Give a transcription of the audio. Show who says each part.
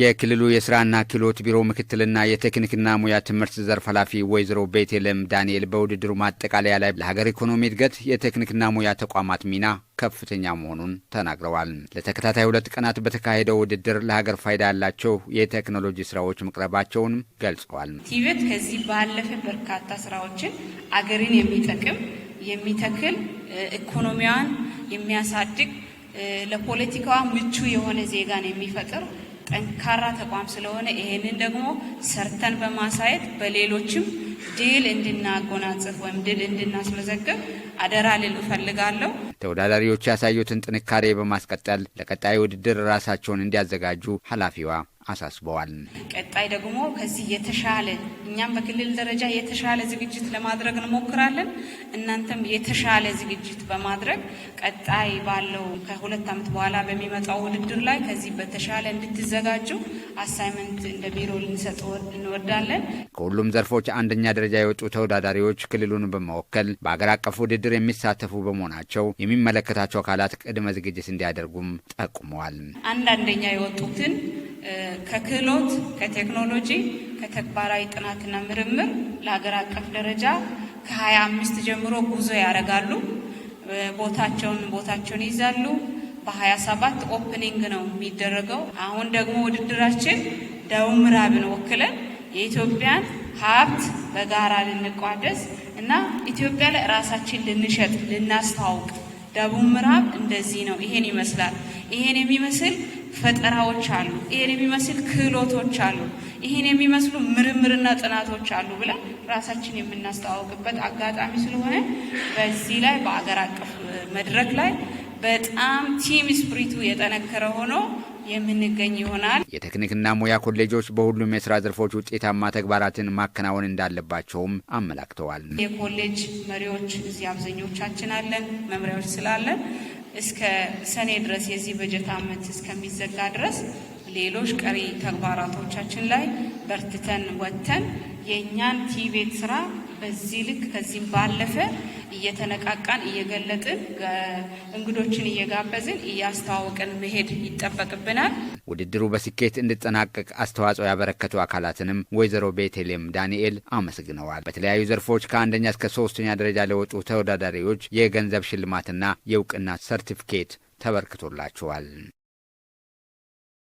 Speaker 1: የክልሉ የስራና ክህሎት ቢሮ ምክትልና የቴክኒክና ሙያ ትምህርት ዘርፍ ኃላፊ ወይዘሮ ቤቴልሔም ዳንኤል በውድድሩ ማጠቃለያ ላይ ለሀገር ኢኮኖሚ እድገት የቴክኒክና ሙያ ተቋማት ሚና ከፍተኛ መሆኑን ተናግረዋል። ለተከታታይ ሁለት ቀናት በተካሄደው ውድድር ለሀገር ፋይዳ ያላቸው የቴክኖሎጂ ስራዎች መቅረባቸውን ገልጸዋል።
Speaker 2: ቲቤት ከዚህ ባለፈ በርካታ ስራዎችን አገርን የሚጠቅም የሚተክል ኢኮኖሚዋን የሚያሳድግ ለፖለቲካዋ ምቹ የሆነ ዜጋን የሚፈጥር ጠንካራ ተቋም ስለሆነ ይሄንን ደግሞ ሰርተን በማሳየት በሌሎችም ድል እንድናጎናጽፍ ወይም ድል እንድናስመዘግብ አደራ ልል እፈልጋለሁ።
Speaker 1: ተወዳዳሪዎች ያሳዩትን ጥንካሬ በማስቀጠል ለቀጣይ ውድድር ራሳቸውን እንዲያዘጋጁ ኃላፊዋ አሳስበዋል።
Speaker 2: ቀጣይ ደግሞ ከዚህ የተሻለ እኛም በክልል ደረጃ የተሻለ ዝግጅት ለማድረግ እንሞክራለን። እናንተም የተሻለ ዝግጅት በማድረግ ቀጣይ ባለው ከሁለት ዓመት በኋላ በሚመጣው ውድድር ላይ ከዚህ በተሻለ እንድትዘጋጁ አሳይመንት እንደ ቢሮ ልንሰጥ እንወዳለን።
Speaker 1: ከሁሉም ዘርፎች አንደኛ ደረጃ የወጡ ተወዳዳሪዎች ክልሉን በመወከል በአገር አቀፍ ውድድር የሚሳተፉ በመሆናቸው የሚመለከታቸው አካላት ቅድመ ዝግጅት እንዲያደርጉም ጠቁመዋል።
Speaker 2: አንድ አንደኛ የወጡትን ከክህሎት ቴክኖሎጂ ከተግባራዊ ጥናትና ምርምር ለሀገር አቀፍ ደረጃ ከሀያ አምስት ጀምሮ ጉዞ ያደርጋሉ። ቦታቸውን ቦታቸውን ይዛሉ። በሀያ ሰባት ኦፕኒንግ ነው የሚደረገው። አሁን ደግሞ ውድድራችን ደቡብ ምዕራብን ወክለን የኢትዮጵያን ሀብት በጋራ ልንቋደስ እና ኢትዮጵያ ላይ ራሳችን ልንሸጥ ልናስተዋውቅ፣ ደቡብ ምዕራብ እንደዚህ ነው። ይሄን ይመስላል። ይሄን የሚመስል ፈጠራዎች አሉ፣ ይሄን የሚመስል ክህሎቶች አሉ፣ ይሄን የሚመስሉ ምርምርና ጥናቶች አሉ ብለን ራሳችን የምናስተዋውቅበት አጋጣሚ ስለሆነ በዚህ ላይ በአገር አቀፍ መድረክ ላይ በጣም ቲም ስፕሪቱ የጠነከረ ሆኖ የምንገኝ ይሆናል።
Speaker 1: የቴክኒክና ሙያ ኮሌጆች በሁሉም የስራ ዘርፎች ውጤታማ ተግባራትን ማከናወን እንዳለባቸውም አመላክተዋል።
Speaker 2: የኮሌጅ መሪዎች እዚህ አብዛኞቻችን አለን፣ መምሪያዎች ስላለን እስከ ሰኔ ድረስ የዚህ በጀት ዓመት እስከሚዘጋ ድረስ ሌሎች ቀሪ ተግባራቶቻችን ላይ በርትተን ወጥተን የእኛን ቲቤት ስራ በዚህ ልክ ከዚህም ባለፈ እየተነቃቃን እየገለጥን እንግዶችን እየጋበዝን እያስተዋወቅን መሄድ ይጠበቅብናል።
Speaker 1: ውድድሩ በስኬት እንዲጠናቀቅ አስተዋጽኦ ያበረከቱ አካላትንም ወይዘሮ ቤቴሌም ዳንኤል አመስግነዋል። በተለያዩ ዘርፎች ከአንደኛ እስከ ሶስተኛ ደረጃ ለወጡ ተወዳዳሪዎች የገንዘብ ሽልማትና የእውቅና ሰርቲፊኬት ተበርክቶላቸዋል።